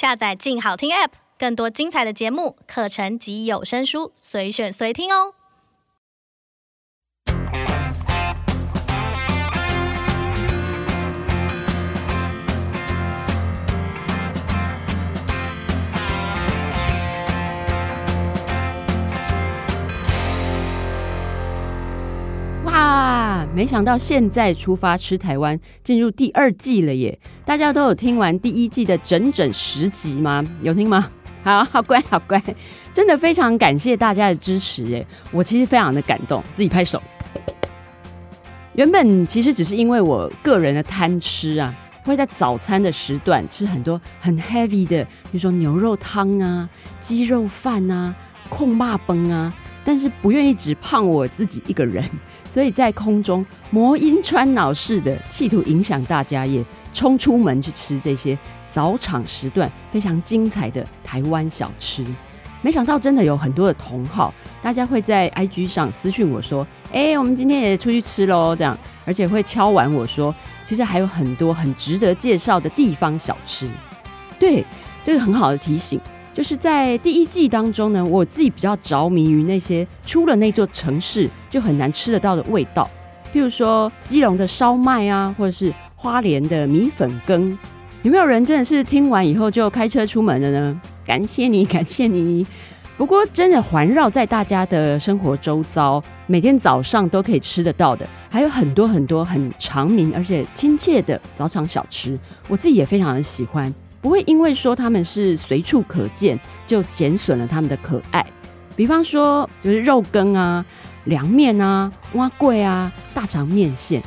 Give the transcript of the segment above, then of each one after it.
下載“鏡好聽 ”App，更多精彩的節目、課程及有聲書，隨選隨聽哦。沒想到現在出發吃台灣，進入第二季了耶！大家都有聽完第一季的整整十集嗎？有聽嗎？好，好乖，好乖！真的非常感謝大家的支持耶！我其實非常的感動，自己拍手。原本其實只是因為我個人的貪吃啊，會在早餐的時段吃很多很 heavy 的，比如說牛肉湯啊、雞肉飯啊、控罵崩啊。但是不願意只胖我自己一個人，所以在空中魔音穿腦式的，企圖影響大家，也衝出門去吃這些早場時段非常精彩的台灣小吃。沒想到真的有很多的同好，大家會在 IG 上私訊我說：“哎、欸，我們今天也出去吃嘍。”這樣，而且會敲碗我說：“其實還有很多很值得介紹的地方小吃。”對，這是、個、很好的提醒。就是在第一季當中呢，我自己比較着迷於那些出了那座城市就很難吃得到的味道，譬如說基隆的燒麥啊，或者是花蓮的米粉羹。有沒有人真的是聽完以後就開車出門了呢？感謝你，感謝你。不過真的環繞在大家的生活周遭，每天早上都可以吃得到的，還有很多很多很常民而且親切的早場小吃，我自己也非常的喜歡。不會因為說他們是隨處可見，就減損了他們的可愛。比方說，就是肉羹啊、涼麵啊、碗粿啊、大腸麵線。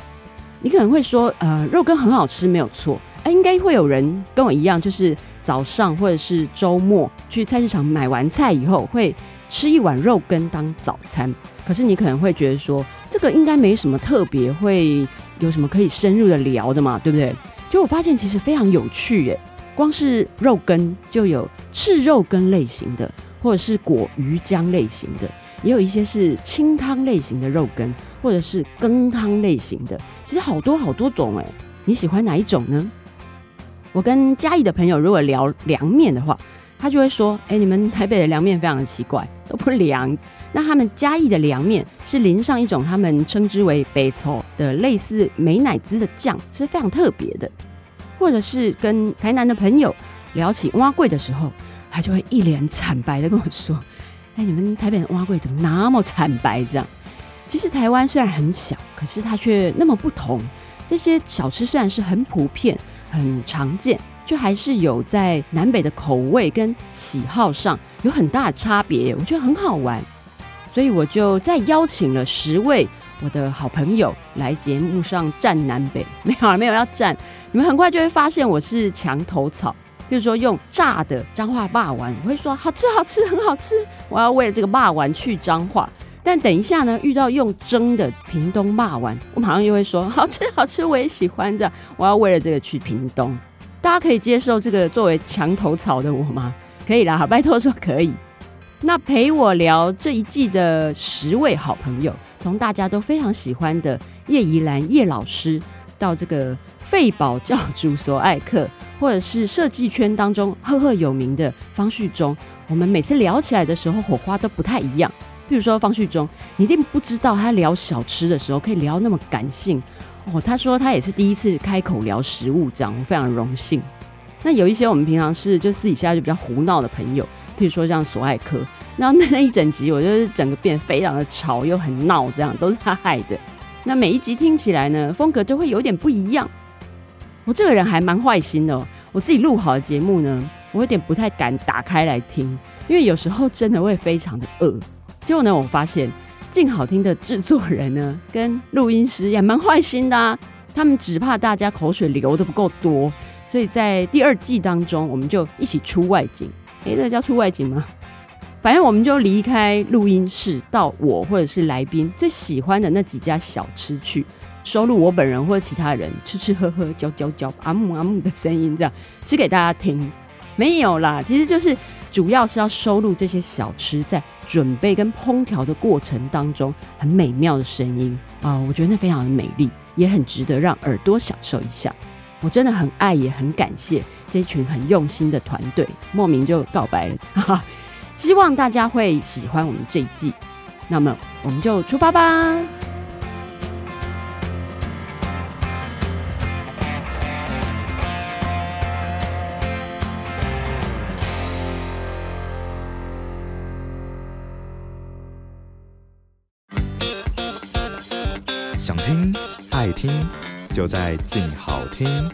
你可能會說，呃，肉羹很好吃，沒有錯。哎、欸，應該會有人跟我一樣，就是早上或者是周末去菜市場買完菜以後，會吃一碗肉羹當早餐。可是你可能會覺得說，這個應該沒什麼特別，會有什麼可以深入的聊的嘛，對不對？就我發現其實非常有趣、欸，誒。光是肉羹就有赤肉羹類型的，或者是果魚漿類型的，也有一些是清湯類型的肉羹，或者是羹湯類型的。其實好多好多種誒，你喜歡哪一種呢？我跟嘉義的朋友如果聊涼麵的話，他就會說：“哎、欸，你們台北的涼麵非常的奇怪，都不涼。那他們嘉義的涼麵是淋上一種他們稱之為白醋的類似美乃滋的醬，是非常特別的。”或者是跟台南的朋友聊起碗粿的時候，他就會一臉慘白的跟我說：“哎、欸，你們台北的碗粿怎麼那麼慘白？”這樣，其實台灣雖然很小，可是它卻那麼不同。這些小吃雖然是很普遍、很常見，就還是有在南北的口味跟喜好上有很大的差別。我覺得很好玩，所以我就再邀請了十位我的好朋友來節目上站南北。沒有啊，沒有要站。你們很快就會發現我是牆頭草，譬如說用炸的彰化肉圓，我會說好吃好吃，很好吃，我要為了這個肉圓去彰化。但等一下呢，遇到用蒸的屏東肉圓，我馬上又會說好吃好吃，我也喜歡的，我要為了這個去屏東。大家可以接受這個作為牆頭草的我嗎？可以啦，好，拜托說可以。那陪我聊這一季的十位好朋友，從大家都非常喜歡的葉怡蘭葉老師到這個。肺寶教主索艾克，或者是設計圈當中赫赫有名的方序中，我們每次聊起來的時候，火花都不太一樣。譬如說方序中，你一定不知道他聊小吃的時候可以聊那麼感性哦。他說他也是第一次開口聊食物，這樣我非常榮幸。那有一些我們平常是就私底下就比較胡鬧的朋友，譬如說像索艾克，然後那一整集我就是整個變得非常的吵又很鬧，這樣都是他害的。那每一集聽起來呢，風格就會有點不一樣。我這個人還蠻壞心的，喔，我自己錄好的節目呢，我有點不太敢打開來聽，因為有時候真的會非常的惡。結果呢，我發現，鏡好聽的制作人呢，跟錄音師也蠻壞心的，啊，他們只怕大家口水流的不夠多，所以在第二季當中，我們就一起出外景。哎，欸，那，這個，叫出外景嗎？反正我們就離開錄音室，到我或者是來賓最喜歡的那幾家小吃去，收錄我本人或者其他人吃吃喝喝嚼嚼嚼阿木阿木的聲音，這樣吃給大家聽。沒有啦，其實就是主要是要收錄這些小吃在準備跟烹調的過程當中很美妙的聲音啊，呃，我覺得那非常的美麗，也很值得讓耳朵享受一下。我真的很愛，也很感謝這一群很用心的團隊。莫名就告白了。 希望大家會喜歡我們這一季，那麼我們就出發吧！想聽、愛聽，就在鏡好聽。